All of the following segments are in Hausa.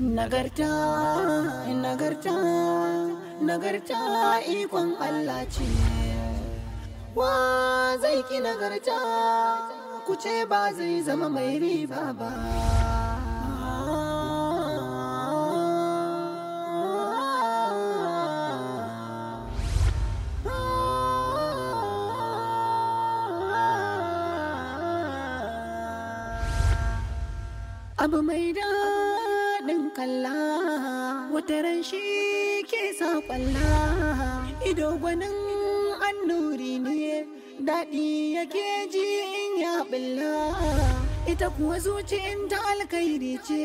Nagarta, nagarta, nagarta ikon Allah ce. Wa zai ki nagarta, ku ce ba zai zama mai riba ba. Abu mai da kalla wutaren shi ke sa kwalla ido gwanin annuri ne daɗi yake ji in ya ɓilla ita kuwa zuci in ta alkairi ce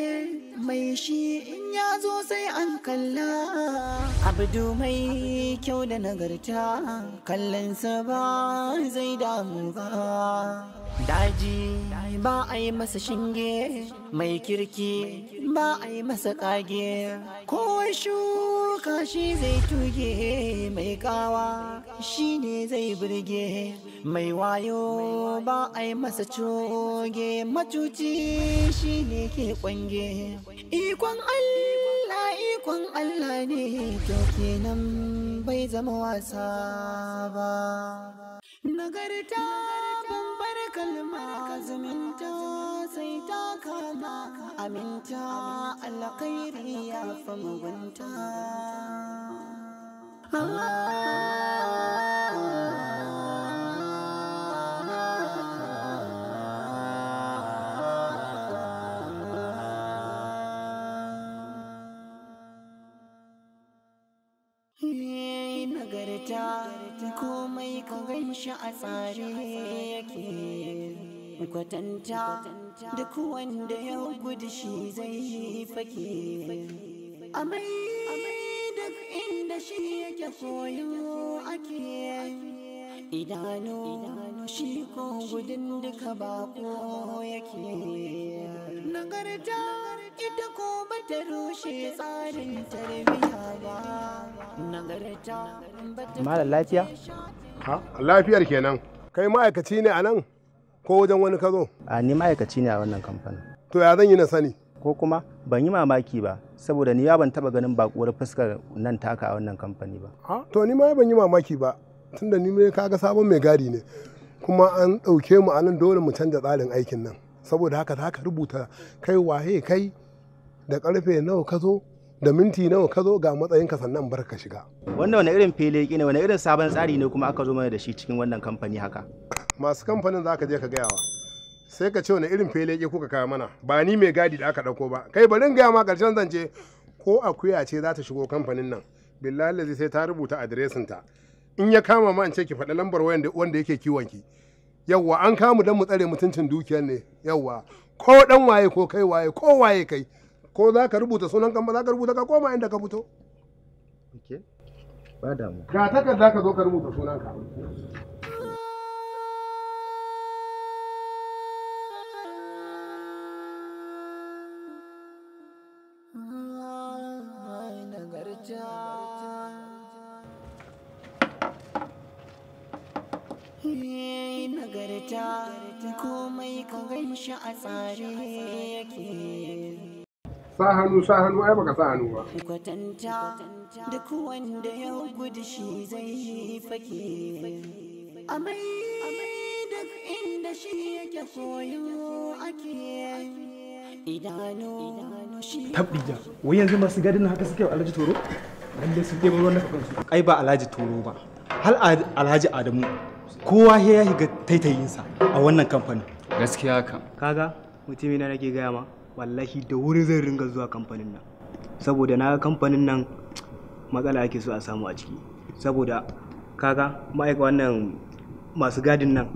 mai shi in ya zo sai an kalla abdu mai kyau da nagarta kallonsa ba zai damu ba daji ba a yi masa shinge mai kirki ba a yi masa kage ko shuka shi zai tuge mai kawa shi ne zai birge mai wayo ba a yi masa coge matuci shi ne ke kwange ikon allah ikon allah ne to kenan bai zama wasa ba nagarta bambar kalma zumunta ta kana aminta alkhairi ya fa mugunta Nagarta komai ka gan shi a tsare yake. kwatanta duk wanda ya gudu shi zai yi fake amai duk inda shi yake koyo ake idanu shi ko gudun duka bako yake nagarta ita ko bata rushe tsarin tarbiyya ba nagarta bata lafiya ha lafiyar kenan kai ma'aikaci ne a nan ko wajen wani ka zo a ni ma'aikaci ne a wannan kamfanin to ya zan yi na sani ko kuma ban yi mamaki ba saboda ni ya ban taba ganin bakuwar fuskar nan taka a wannan kamfani ba to ni ma ban yi mamaki ba tunda ni ne kaga sabon mai gadi ne kuma an ɗauke mu a nan dole mu canza tsarin aikin nan saboda haka za ka rubuta kai waye kai da karfe nawa ka zo da minti nawa ka zo ga matsayinka sannan bar ka shiga wannan wani irin feleki ne wani irin sabon tsari ne kuma aka zo mana da shi cikin wannan kamfani haka masu kamfanin za ka je ka gayawa sai ka ce wani irin feleki kuka kawo mana ba ni mai gadi da aka dauko ba kai barin gaya ma ƙarshen zance ko akuya ce za ta shigo kamfanin nan billahi sai ta rubuta ta. in ya kama ma in ce ki faɗi lambar wanda yake kiwon ki yawwa an kama don mu tsare mutuncin dukiyar ne yawwa ko dan waye ko kai waye ko waye kai ko za ka rubuta sunan kan ba za ka rubuta ka koma inda ka fito ba mu ga takarda ka zo ka rubuta sunan ka nagarta komai ka gan shi a tsare yake sa hannu sa hannu ai baka sa hannu ba kwatanta duk wanda ya gudu shi zai yi fake amai duk inda shi yake koyo ake tabbija wai yanzu masu gadin haka suke wa alhaji toro lalle sun ɗebo ruwan kafin su ai ba alhaji toro ba hal alhaji adamu kowa ya shiga taitayinsa a wannan kamfanin gaskiya kan kaga mutumina nake gaya ma wallahi da wuri zai ringa zuwa kamfanin nan saboda na kamfanin nan matsala ake so a samu a ciki saboda kaga ma'aika wannan masu gadin nan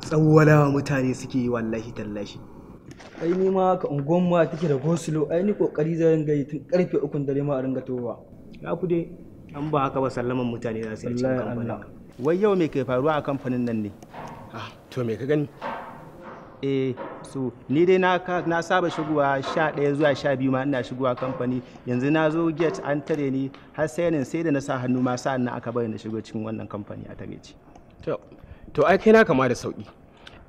tsawwalawa mutane suke yi wallahi tallashi ai ni ma ka ungon ma take da gosulo ai ni kokari zan ringa yi tun karfe ukun dare ma a ringa towa ya ku dai an ba haka ba sallaman mutane za su yi cikin kamfanin wai yau me ke faruwa a kamfanin nan ne ah to me ka gani eh so ni dai na saba shigowa sha ɗaya zuwa sha biyu ma ina shigowa kamfani yanzu na zo get an tare ni har sai nan sai da na sa hannu ma sa'an na aka bari na shigo cikin wannan kamfani a takaici to ai kai na kama da sauki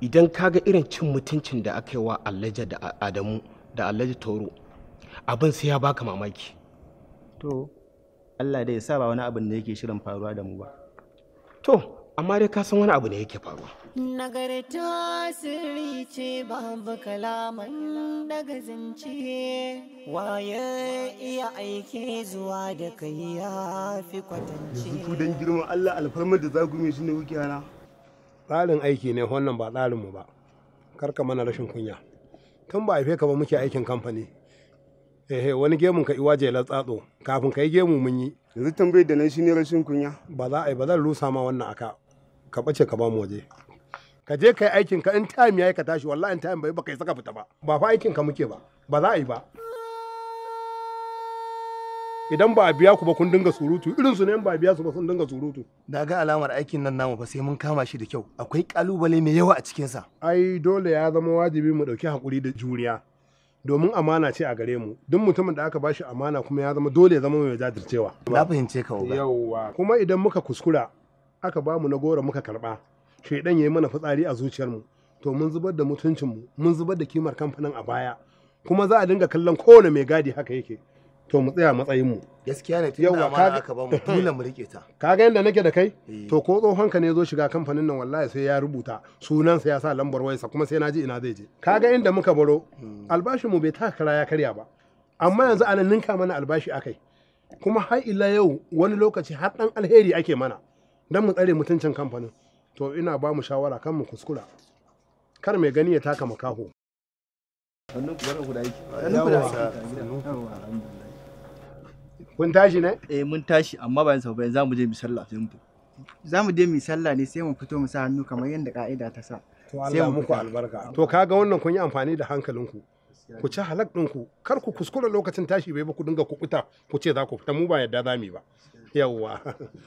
idan ka ga irin cin mutuncin da aka yi wa alhaji da adamu da alhaji toro abin sai ya baka mamaki to allah dai ya sa ba wani abin da yake shirin faruwa da mu ba to amma dai ka san wani abu ne yake faruwa Nagarta sirri ce babu kalaman daga zance waye iya aike zuwa da kai ya fi kwatance. Yanzu don girman Allah alfarmar da zagume shi ne hana. Tsarin aiki ne wannan ba tsarinmu ba, karka mana rashin kunya. Tun ba haife ka ba muke aikin kamfani. wani gemun ka iwaje la tsatso kafin ka yi gemu mun yi. Yanzu tambayar da nan shi ne rashin kunya. Ba za a yi ba zan rusa ma wannan aka ka ɓace ka ba mu waje. ka je kai aikin ka in time yayi ka tashi wallahi in time bai ba kai saka fita ba ba fa aikin ka muke ba ba za a yi ba idan ba a biya ku ba kun dinga surutu irin su ne ba a biya su ba sun dinga surutu da ga alamar aikin nan namu ba sai mun kama shi da kyau akwai kalubale mai yawa a cikin sa ai dole ya zama wajibi mu dauki hakuri da juriya domin amana ce a gare mu duk mutumin da aka bashi amana kuma ya zama dole ya zama mai jajircewa na fahimce ka kuma idan muka kuskura aka bamu na goro muka karba shaidan ya yi mana fitsari a zuciyarmu to mun zubar da mutuncinmu mun zubar da kimar kamfanin a baya kuma za a dinga kallon kowane mai gadi haka yake to mu tsaya matsayinmu gaskiya ne tun da mana aka ba mu dole mu rike ta kaga yanda nake da kai eh. to ko tsohon ka ne zo shiga kamfanin nan wallahi sai ya rubuta sunan sa ya sa lambar wayarsa kuma sai naji ina zai je kaga inda muka baro hmm. albashin mu bai taka kara ya karya ba amma yanzu ana ninka mana albashi akai kuma har ila yau wani lokaci har dan alheri ake mana dan mu tsare mutuncin kamfanin to ina ba mu shawara kan mu kuskura kar mai gani ya taka makaho kun tashi ne eh mun tashi amma bayan sau bayan zamu je mu sallah sai mu za mu je mu sallah ne sai mu fito mu sa hannu kamar yadda ka'ida ta sa to Allah muku albarka to kaga wannan kun yi amfani da hankalinku ku ci halak ɗinku kar ku kuskura lokacin tashi bai ba ku dinga kuɓuta ku ce za ku fita mu ba yadda za mu yi ba yawwa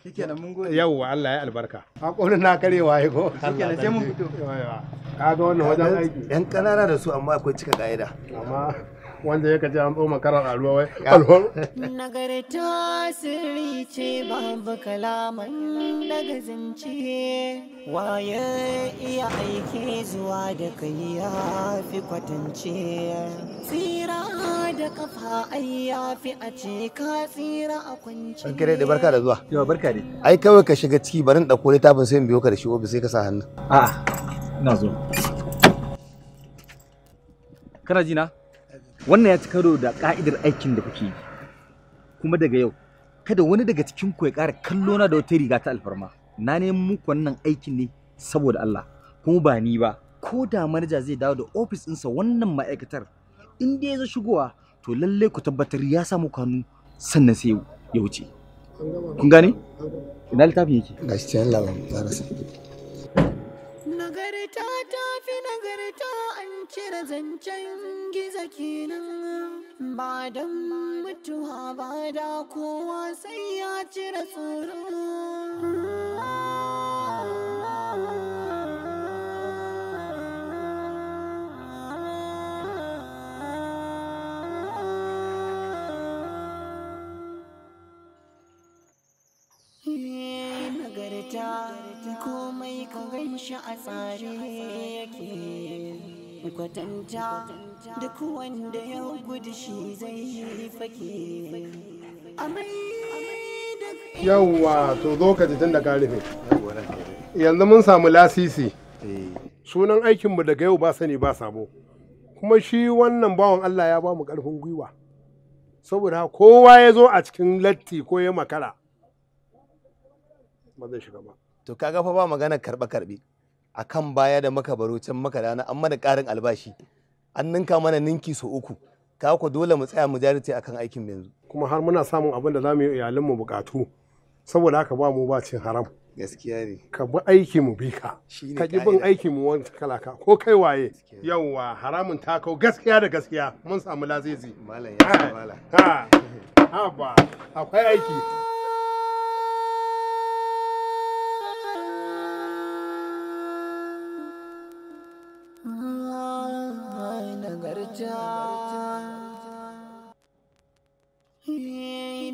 shikenan mun gode yawwa Allah ya albarka hakorin na karewa ai ko shikenan sai mun fito yawwa ka ga wannan wajen aiki yan kanana da su amma akwai cika ga'ida amma wanda ya kaji an tsoma karar aluwa ruwa wai nagarta sirri ce babu kalaman daga zance waye iya aiki zuwa da kai ya fi kwatance tsira da kafa ai ya fi a ce ka tsira a kwance an kare da barka da zuwa yau barka ne ai kawai ka shiga ciki barin ɗauko littafin sai in biyo ka da shi ofis sai ka sa hannu a'a ina zo kana ji na wannan ya ci karo da ka'idar aikin da kuke yi kuma daga yau kada wani daga cikin ku ya ƙara kallo na da wata riga ta alfarma na neman muku wannan aikin ne saboda Allah kuma ba ni ba ko da manaja zai dawo da ofis ɗinsa wannan ma'aikatar in dai ya zo shigowa to lallai ku tabbatar ya samu kanu sannan sai ya wuce kun gane ina littafin yake gashi nagarta ta fi nagarta an cire zancen giza kenan ba don mutuwa ba da kowa sai ya cire tsoro eh, nagarta komai ka ganshi a tsare yake kwatanta duk wanda ya gudu shi zai yi fake yawwa to zo ka ji tun da ka rufe yanzu mun samu lasisi eh. sunan aikinmu daga yau ba sani ba sabo kuma shi wannan bawan Allah ya ba mu ƙarfin gwiwa saboda kowa ya zo a cikin latti ko ya makara ba zai shiga ba to kaga fa ba magana karɓe karɓe akan baya da muka baro can muka dana an mana ƙarin albashi an ninka mana ninki so uku ka ku dole mu tsaya mu jarite akan aikin yanzu kuma har muna samun abin da zamu yi iyalin mu bukatu saboda haka ba mu ba cin haram gaskiya ne ka bi aiki mu bi ka ka ji bin aiki mu wani kalaka ko kai waye yawwa haramun takau gaskiya da gaskiya mun samu lazizi malam ya malam ha ba akwai aiki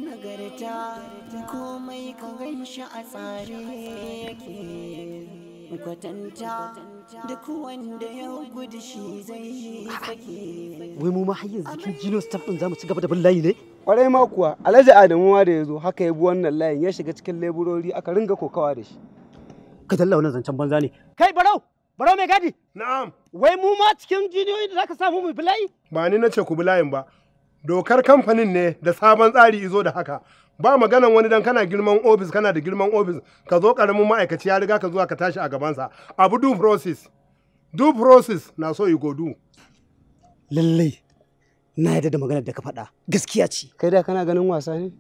nagarta komai ka ganshi a tsare yake kwatanta duk wai mu ma har yanzu kin jino staff din zamu ci gaba da bin layi ne kwarai ma kuwa alhaji adamu ma da yazo haka ya bi wannan layin ya shiga cikin leburori aka ringa kokawa da shi ka talla wannan zancen banza ne kai barau baro mai gadi? Na'am. Wai mu ma cikin jiniyoyi da zaka samu mu bilayi? Ba ni nace ku bilayin ba. Dokar kamfanin ne da sabon tsari izo da haka. Ba maganan wani dan kana girman ofis kana da girman ofis ka zo karamin ma'aikaci ya riga ka zuwa ka tashi a gabansa. Abu du process. Du process na so yi godu. Lallai na yadda da maganar da ka faɗa gaskiya ce. Kai da kana ganin wasa ne?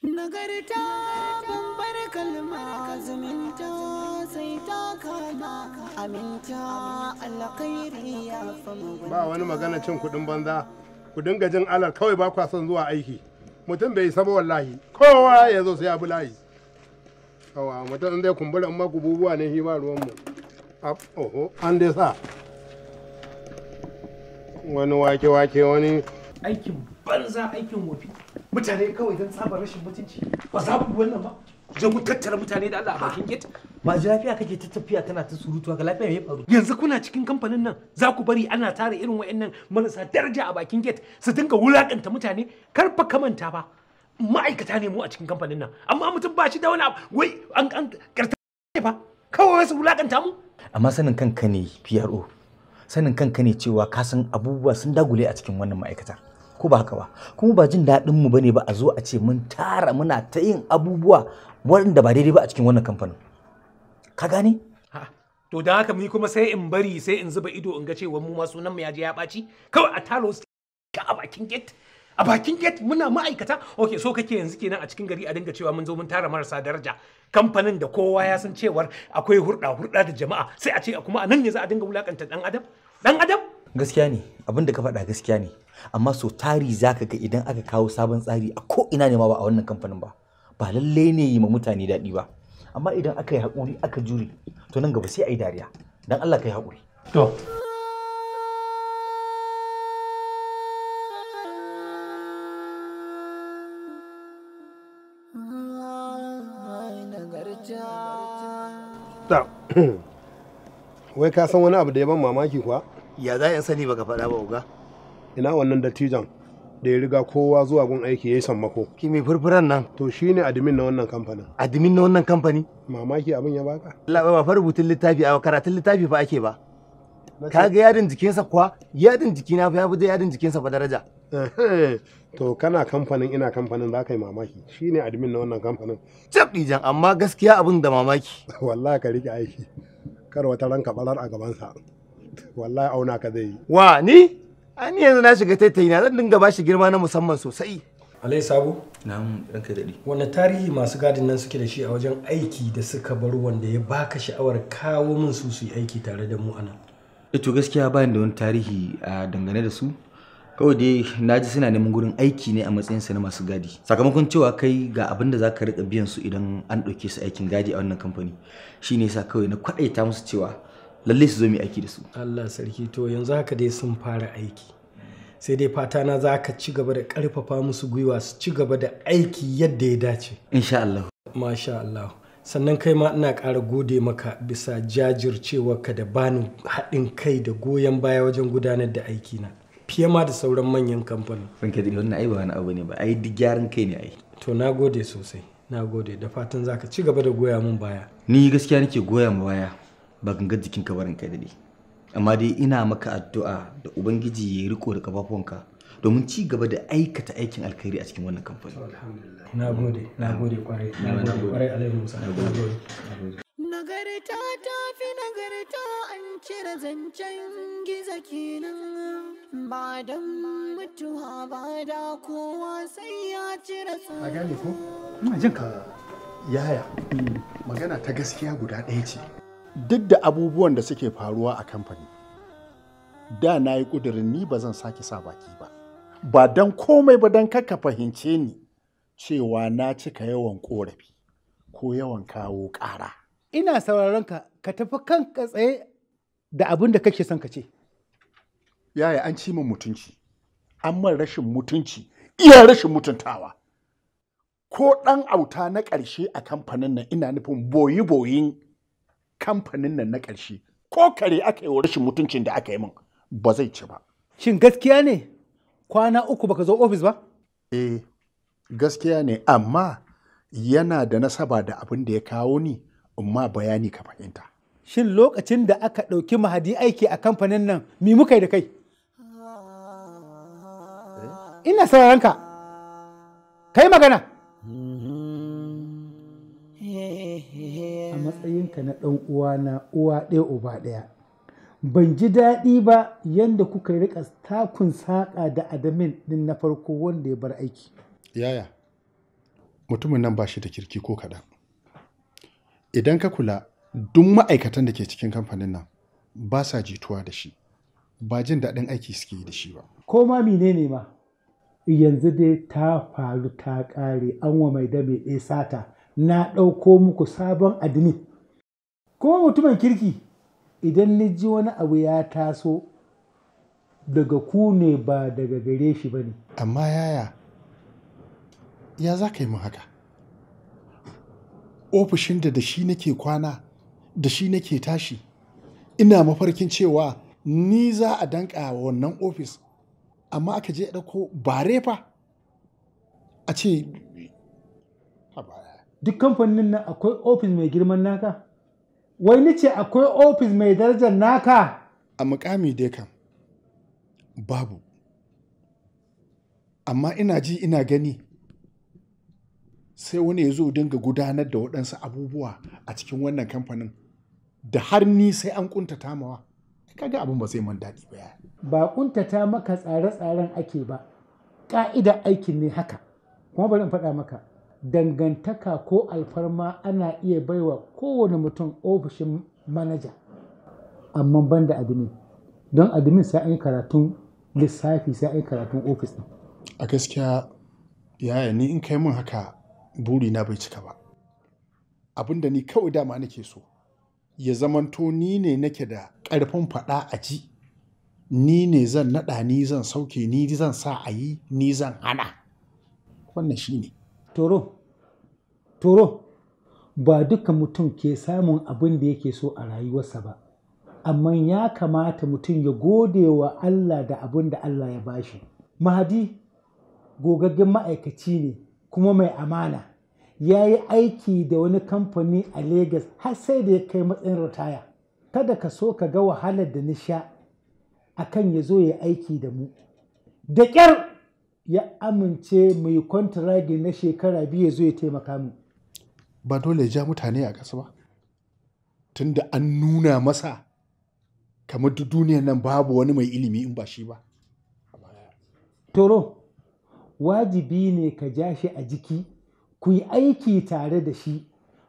Nagarta bambar kalma zumunta aminta ya fama ba wani magana cin kudin banza ku dinga jin alar kawai ba kwa son zuwa aiki mutum bai saba wallahi kowa ya zo sai abu layi kawa mutum zai kumbura amma ku bubuwa ne hima ruwanmu. ruwanmu oho an dai sa wani wake-wake wani aikin banza aikin wofi mutane kawai don tsabar rashin mutunci ba za ku wannan ba je tattara mutane da Allah a bakin gate ma ji lafiya kake ta tafiya tana ta surutuwa ga lafiya me faru yanzu kuna cikin kamfanin nan za ku bari ana tara irin wayannan marasa daraja a bakin gate su dinga wulakanta mutane kar fa kamanta ba ma'aikata ne mu a cikin kamfanin nan amma mutum ba shi da wani abu wai an an karta ba kawai su wulakanta mu amma sanin kanka ne PRO sanin kanka ne cewa ka san abubuwa sun dagule a cikin wannan ma'aikata ko ba haka ba kuma ba jin daɗin mu bane ba a zo a ce mun tara muna ta yin abubuwa waɗanda ba daidai ba a cikin wannan kamfanin ka gane to da haka mu kuma sai in bari sai in zuba ido in ga cewa mu ma sunan mu ya je ya baci kawai a talo ka a bakin gate a bakin gate muna ma'aikata ok so kake yanzu kenan a cikin gari a dinga cewa mun zo mun tara marasa daraja kamfanin da kowa ya san cewar akwai hurɗa hurɗa da jama'a sai a ce kuma a nan ne za a dinga wulakanta dan adam dan adam gaskiya ne abin da ka faɗa gaskiya ne amma so tari zaka ga idan aka kawo sabon tsari a ko ina ne ma ba a wannan kamfanin ba ba lallai ne yi ma mutane daɗi ba amma idan aka yi haƙuri aka jure to nan gaba sai a yi dariya dan Allah ka yi haƙuri to wai ka san wani abu da ya ban mamaki kuwa ya za ya sani ba ka faɗa ba uga ina wannan dattijan da ya riga kowa zuwa gun aiki ya yi sammako. Ki mai furfuran nan? To shi ne admin na wannan kamfanin. Admin na wannan kamfani? Mamaki abin ya baka. Allah ba fa rubutun littafi a karatun littafi fa ake ba. Ka ga yadin jikinsa kuwa yadin jikina fa ya fi da yadin jikinsa fa daraja. Eh, to kana kamfanin ina kamfanin za ka yi mamaki shi ne admin na wannan kamfanin. Cep jan amma gaskiya abin da mamaki. Wallahi ka rike aiki. Kar wata ranka barar a gabansa. Wallahi auna ka zai yi. Wa ni? An yanzu na shiga taitayina zan dinga bashi girma na musamman sosai alai sabo na'am ranka dadi wanda tarihi masu gadin nan suke da shi a wajen aiki da suka bar wanda ya baka sha'awar kawo min su su yi aiki tare da mu anan eh, to gaskiya bayan da wani tarihi a dangane da su kawai dai na ji suna neman gurin aiki ne a matsayin sa na masu gadi sakamakon cewa kai ga abin da zaka rika biyan su idan an ɗauke su aikin gadi a wannan kamfani shine yasa kawai na kwadaita musu cewa lalle su zo mu aiki da su Allah sarki to yanzu haka dai sun fara aiki sai dai fata na za ka ci gaba da karfafa musu gwiwa su ci gaba da aiki yadda ya dace insha Allah masha Allah sannan kai ma ina ƙara gode maka bisa jajircewa ka da bani haɗin kai da goyon baya wajen gudanar da aikina fiye ma da sauran manyan kamfani. Ranka da ai ba wani abu ne ba, ai duk gyaran kai ne ai. To na gode sosai, na gode da fatan za ka ci gaba da goya mun baya. Ni gaskiya nake goya mu baya. ba gangar jikin ka barin kai daɗe amma dai ina maka addu'a da ubangiji ya riko da ka domin ci gaba da aikata aikin alkhairi a cikin wannan kamfani na gode na gode kwarai na gode kwarai nagarta ta fi nagarta an cire zancen giza kenan ba don mutuwa ba da kowa sai ya cire tsoro a gane ko ina ka yaya magana ta gaskiya guda ɗaya ce duk da abubuwan da suke faruwa a kamfani da na yi ƙudurin ni ba zan sake sa baki ba ba don komai ba don kaka fahimce ni cewa na cika yawan ƙorafi ko yawan kawo ƙara ina sauraron ka ka tafi kanka tsaye da abin da kake son ka ce yaya an ci min mutunci an man rashin mutunci iya rashin mutuntawa ko ɗan auta na ƙarshe a kamfanin nan ina nufin boyi-boyin kamfanin nan na ƙarshe ko kare aka yi rashin mutuncin da aka yi min ba zai ci ba. Shin gaskiya ne kwana uku baka zo ofis ba? Eh, gaskiya ne amma yana da nasaba da abin da ya kawo ni amma bayani ka fahimta. Shin lokacin da aka ɗauki mahadi aiki a kamfanin nan mi muka da kai? Eh? Ina ka. kai magana. a matsayinka na ɗan uwa na uwa ɗaya uba ɗaya ban ji daɗi ba yadda kuka rika takun saƙa da adamin ɗin na farko wanda ya bar aiki yaya mutumin nan ba shi da kirki ko kaɗan idan ka kula duk ma'aikatan da ke cikin kamfanin nan ba sa jituwa da shi ba jin daɗin aiki suke yi da shi ba ko ma menene ma yanzu dai ta faru ta ƙare an wa mai dame ɗaya sata na ɗauko muku sabon adinin, ko mutumin kirki idan ni ji wani abu ya taso daga ku ne ba daga gare shi ba ne amma yaya ya za ka yi mun haka ofishin da da shi nake kwana da shi nake tashi ina mafarkin cewa ni za a danka wannan ofis amma aka je ɗauko bare fa a ce a baya duk kamfanin nan akwai ofis mai girman naka wai ni ce akwai ofis mai darajar naka a mukami dai kam babu amma ina ji ina gani sai wani ya zo dinga gudanar da waɗansu abubuwa a cikin wannan kamfanin da har ni sai an kuntata mawa kaga abin ba sai man daɗi ba ba kuntata maka tsare-tsaren ake ba ƙa'idar aikin ne haka kuma bari in faɗa maka dangantaka ko alfarma ana iya baiwa kowane mutum ofishin manaja amma ban da admin don admin sai an yi karatun lissafi sai an yi karatun ofis ɗin a gaskiya yaya ni in kai min haka buri na bai cika ba Abinda ni kawai dama nake so ya zamanto ni ne nake da karfin faɗa a ji ni ne zan naɗa ni zan sauke ni zan sa a yi ni zan hana wannan shi ne toro toro ba duka mutum ke samun abin da yake so a rayuwarsa ba amma ya kamata mutum ya gode wa Allah da abin da Allah ya bashi mahadi gogaggen ma'aikaci ne kuma mai amana ya yi aiki da wani kamfani a Legas har sai da ya kai matsayin ritaya kada ka so ka ga wahalar da nisha kan ya zo ya aiki da mu da ƙyar ya amince mai kwantaragi na shekara biyu zo ya taimaka mu. Ba dole ja mutane a ƙasa ba. Tunda an nuna masa kamar duniyar nan babu wani mai ilimi in ba shi ba. Toro, wajibi ne ka ja shi a jiki, ku yi aiki tare da shi,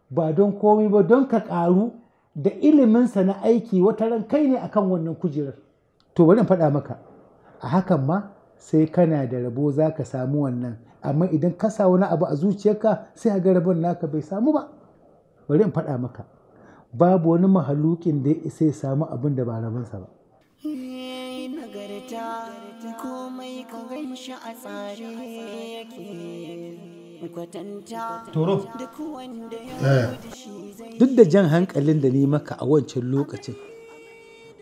ba don komai ba don ka ƙaru da iliminsa na aiki wata ran kai ne akan wannan kujerar. To bari faɗa maka, a hakan ma sai kana da rabo za ka samu wannan amma idan ka sa wani abu a zuciyarka sai ga rabon naka bai samu ba bari in faɗa maka babu wani mahalukin da sai ya samu abin da ba rabonsa ba eh. duk da jan hankalin da ni maka a wancan lokacin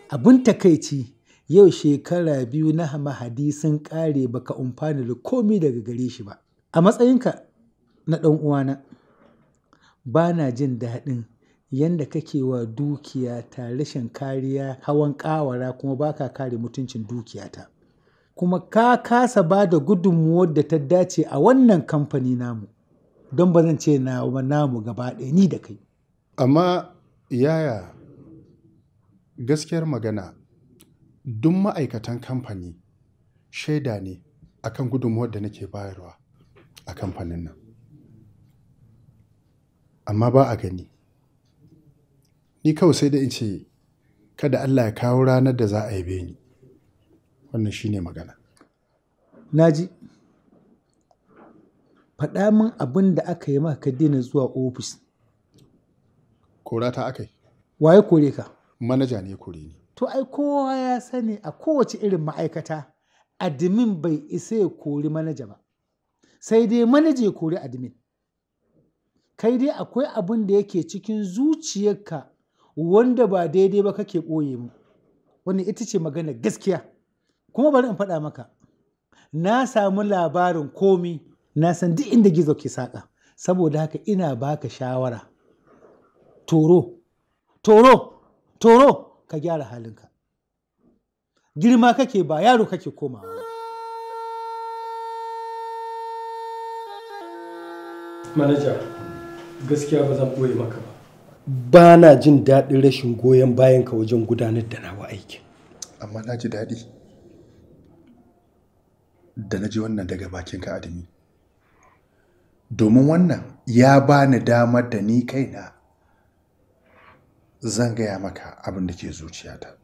abin takaici yau shekara biyu na mahadi sun kare baka umfana da komi daga gare shi ba a matsayinka na ɗan uwana ba na jin daɗin yanda kake wa dukiya ta rashin kariya hawan ƙawara kuma ba ka kare mutuncin dukiyata kuma ka kasa ba da gudunmuwar da ta dace a wannan kamfani namu don ba zan ce na namu gaba ɗaya ni da kai amma yaya gaskiyar magana duk ma'aikatan kamfani shaida ne akan gudunmuwar da nake bayarwa a kamfanin nan amma ba a gani ni kawai sai da in ce kada allah ya kawo ranar da za a yi ni wannan shine magana naji faɗa min abin da aka yi maka daina zuwa ofis kora ta aka yi waye kore ka manaja ne ya kore ni to ai kowa ya sani a kowace irin ma'aikata admin bai isa ya kori manaja ba sai dai manaja ya kori admin kai dai akwai abin da yake cikin zuciyarka wanda ba daidai ba kake ɓoye mu wannan ita ce magana gaskiya kuma bari in faɗa maka na samu labarin komi na san duk inda gizo ke saƙa saboda haka ina baka shawara toro toro toro ka gyara halinka girma kake ba yaro kake komawa manaja gaskiya ba zan goye maka ba ba na jin daɗin rashin goyon bayan ka wajen gudanar da nawa aikin amma na ji daɗi da na ji wannan daga bakin ka adami domin wannan ya bani ni damar da ni kaina zan gaya maka abin da ke zuciyata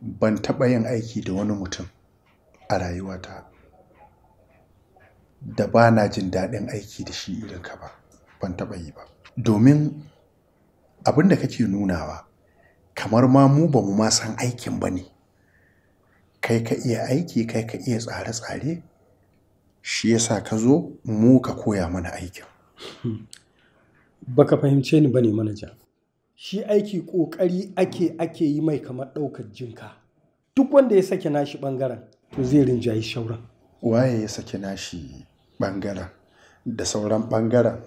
ban taɓa yin aiki da wani mutum a rayuwata da ba na jin daɗin aiki da shi irin ka ba ban taɓa yi ba domin abin da kake nunawa kamar ma mu ba mu ma san aikin ba ne kai ka iya aiki kai ka iya tsare-tsare shi yasa ka zo mu ka koya mana aikin hmm. Baka fahimce ni bane manaja. Shi aiki ƙoƙari ake ake yi mai kamar ɗaukar jinka. Duk wanda ya sake nashi ɓangaren to zai rinjayi shauran. Waye ya sake nashi ɓangaren da sauran ɓangaren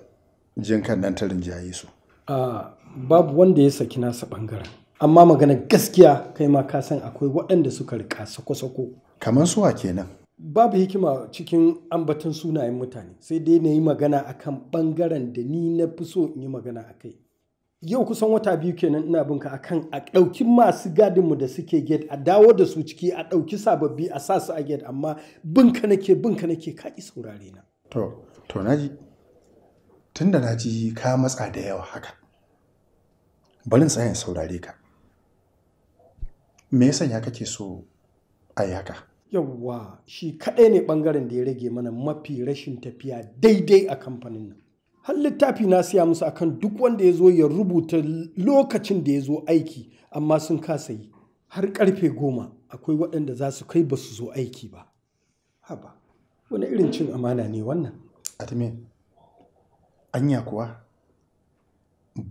jinkan nan ta rinjaye su? A babu wanda ya saki nasa ɓangaren. Amma magana gaskiya kai ma ka san akwai waɗanda suka riƙa sako-sako. Kamar suwa kenan. babu hikima cikin ambaton sunayen mutane sai dai na yi magana a kan ɓangaren da ni na fi so in yi magana a kai yau kusan wata biyu kenan ina binka akan a ɗauki masu gadinmu da suke get a dawo da su ciki a ɗauki sababbi a sa su a get amma binka nake binka nake ka ƙi saurare na to to naji tun da naji ka matsa da yawa haka barin tsayin saurare ka me yasa ya kake so a yi haka yawwa shi kaɗai ne ɓangaren da ya rage mana mafi rashin tafiya daidai a kamfanin nan har littafi na siya musu akan duk wanda ya zo ya rubuta lokacin da ya zo aiki amma sun kasa yi har karfe goma akwai waɗanda za su kai ba su zo aiki ba haba wani irin cin amana ne wannan admin anya kuwa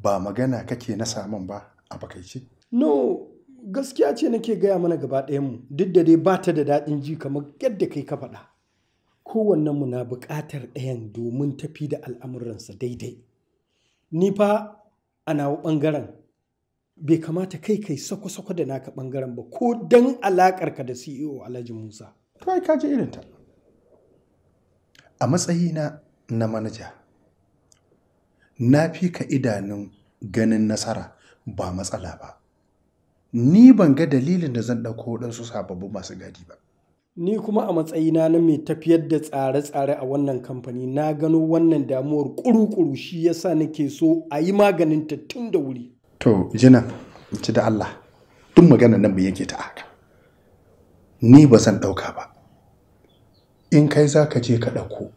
ba magana kake na samun ba a bakaice no gaskiya ce nake gaya mana gaba mu duk da dai ba ta da daɗin ji kamar yadda kai ka faɗa kowannenmu na buƙatar ɗayan domin tafi da al'amuransa daidai ni fa a nawa ɓangaren bai kamata kai kai sako-sako da naka ɓangaren ba ko don alaƙarka da ceo alhaji musa ai ka ji irinta a matsayina na manaja na fi ka idanun ganin nasara ba matsala ba ni ban ga dalilin da zan ɗauko waɗansu sababbin masu gadi ba. Ni kuma a matsayina na mai tafiyar da tsare-tsare a wannan kamfani na gano wannan damuwar ƙuru-ƙuru shi yasa nake so a yi maganin ta tun da wuri. To, jina, ci da Allah, duk magana nan bai yake ta haka. Ni ba zan ɗauka ba. In kai za ka je ka ɗauko,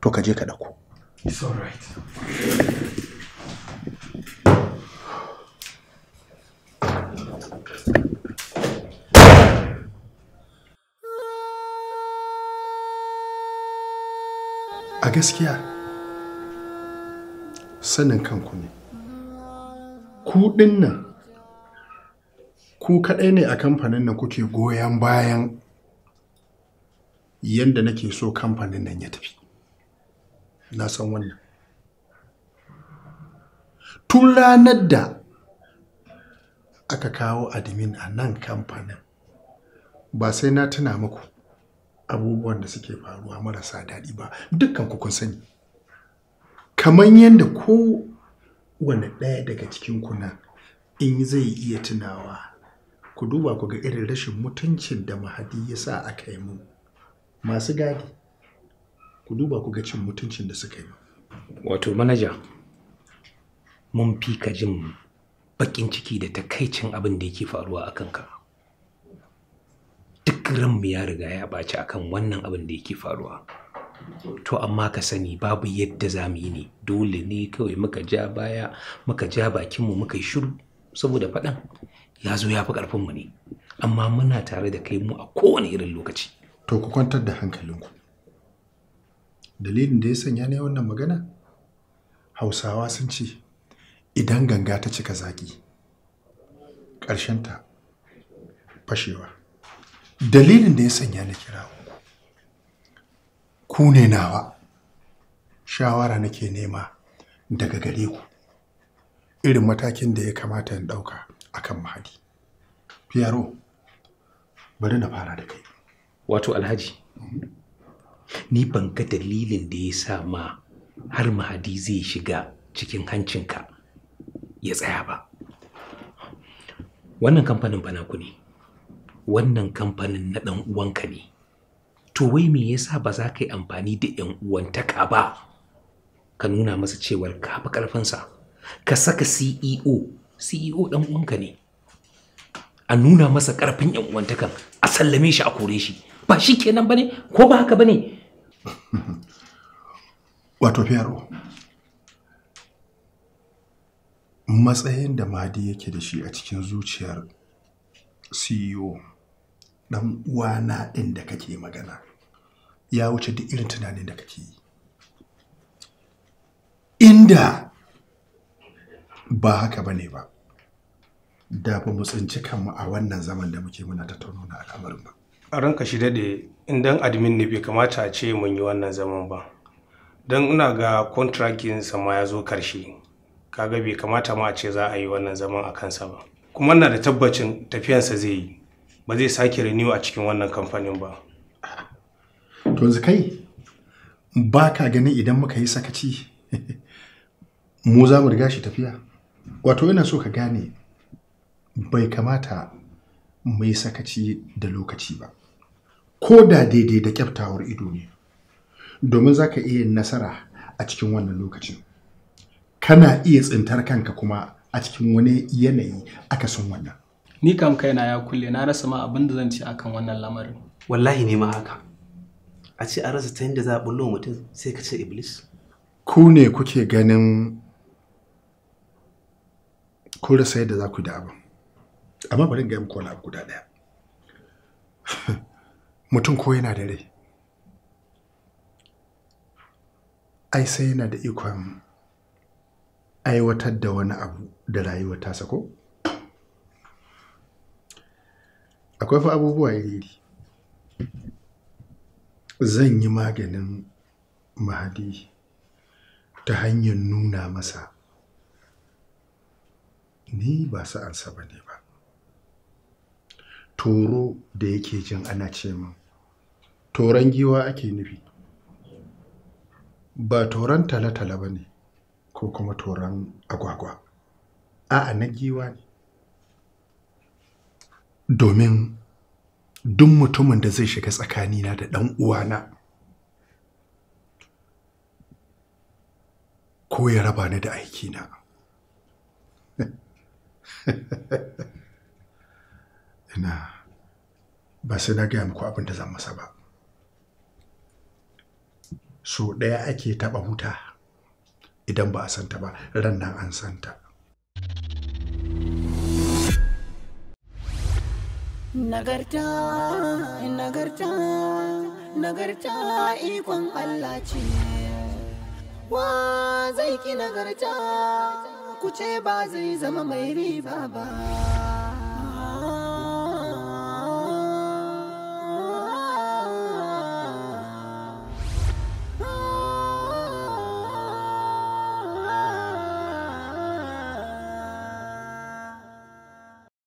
to ka je ka ɗauko. It's all right. a gaskiya sanin kanku ne ku nan ku kaɗai ne a kamfanin nan kuke goyon bayan yadda nake so kamfanin nan ya tafi na san wannan tun ranar da aka kawo admin a nan kamfanin ba sai na tuna muku abubuwan da suke faruwa marasa daɗi ba dukkan ku kun sani kamar yadda ko wani ɗaya daga cikin kuna in zai iya tunawa ku duba ku ga irin rashin mutuncin da mahadi ya sa aka yi mu masu gadi ku duba ku ga cin mutuncin da suka yi wato manaja mun fi ka jin bakin ciki da takaicin abin da yake faruwa a kanka duk ranmu ya riga ya ɓaci akan wannan abin da yake faruwa to amma ka sani babu yadda za mu yi ne dole ne kawai muka ja baya muka ja bakinmu muka yi shiru saboda faɗan ya ya fi ƙarfinmu ne amma muna tare da kai mu a kowane irin lokaci to ku kwantar da hankalinku dalilin da ya sanya ne wannan magana hausawa sun ce idan ganga ta cika zaki ta fashewa dalilin da ya sanya na kira ku ku ne nawa shawara nake nema daga gare ku irin matakin da ya kamata in ɗauka akan mahadi piyaro bari na fara da kai wato alhaji ni ban ga dalilin da ya sa ma har mahadi zai shiga cikin hancinka ya tsaya ba wannan kamfanin bana ku ne wannan kamfanin na ɗan uwanka ne to wai me yasa ba za ka yi amfani da ‘yan uwantaka ba ka nuna masa cewar ka fi ƙarfinsa ka saka ceo ceo ɗan uwanka ne a nuna masa ƙarfin ƴan uwantakan a sallame shi a kore shi ba shi kenan ba ne ko ba haka ba ne wato fiyaro matsayin da madi yake da shi a cikin zuciyar ceo ɗan uwana ɗin da kake magana ya wuce duk irin tunanin da kake yi inda ba haka ba ba da ba mu tsinci kanmu a wannan zaman da muke muna tattauna na al'amarin ba a ranka shi daɗe idan admin ne bai kamata a ce mun yi wannan zaman ba don ina ga kontrakin sama ya zo karshe kaga bai kamata ma a ce za a yi wannan zaman a kansa ba kuma na da tabbacin tafiyansa zai yi ba zai sake renew a cikin wannan kamfanin ba to yanzu kai ba ka gani idan muka yi sakaci mu za mu riga shi tafiya wato ina so ka gane bai kamata mu yi sakaci da lokaci ba ko da daidai da kyaftawar ido ne domin za ka iya nasara a cikin wannan lokacin kana iya tsintar kanka kuma a cikin wani yanayi akasin wannan Ni kam kaina ya kulle na rasa ma abin da zan ci akan wannan lamarin. Wallahi ne ma haka. A ce a rasa ta yadda za a bullo mutum sai ka ce Iblis. Ku ne kuke ganin ku rasa yadda za ku da abin. Amma bari ga muku wani abu guda ɗaya. Mutum ko yana da rai. Ai sai yana da ikon aiwatar da wani abu da rayuwa ta sako? akwai fa abubuwa iri zan yi maganin mahadi ta hanyar nuna masa ni ba sa'ansa ba ne ba toro da yake jin ana ce min toron giwa ake nufi ba toron tala-tala ba ne ko kuma toron agwagwa a'a na giwa ne domin duk mutumin da zai shiga tsakanina da ɗan uwana ko ya raba ni da aikina ina ba sai na gaya muku abin da zan masa ba so ɗaya ake taɓa huta idan ba a santa ba ran nan an santa. Nagarta, nagarta, nagarta ikon Allah ce. Wa zai ki nagarta, Ku ce ba zai zama mai riba ba.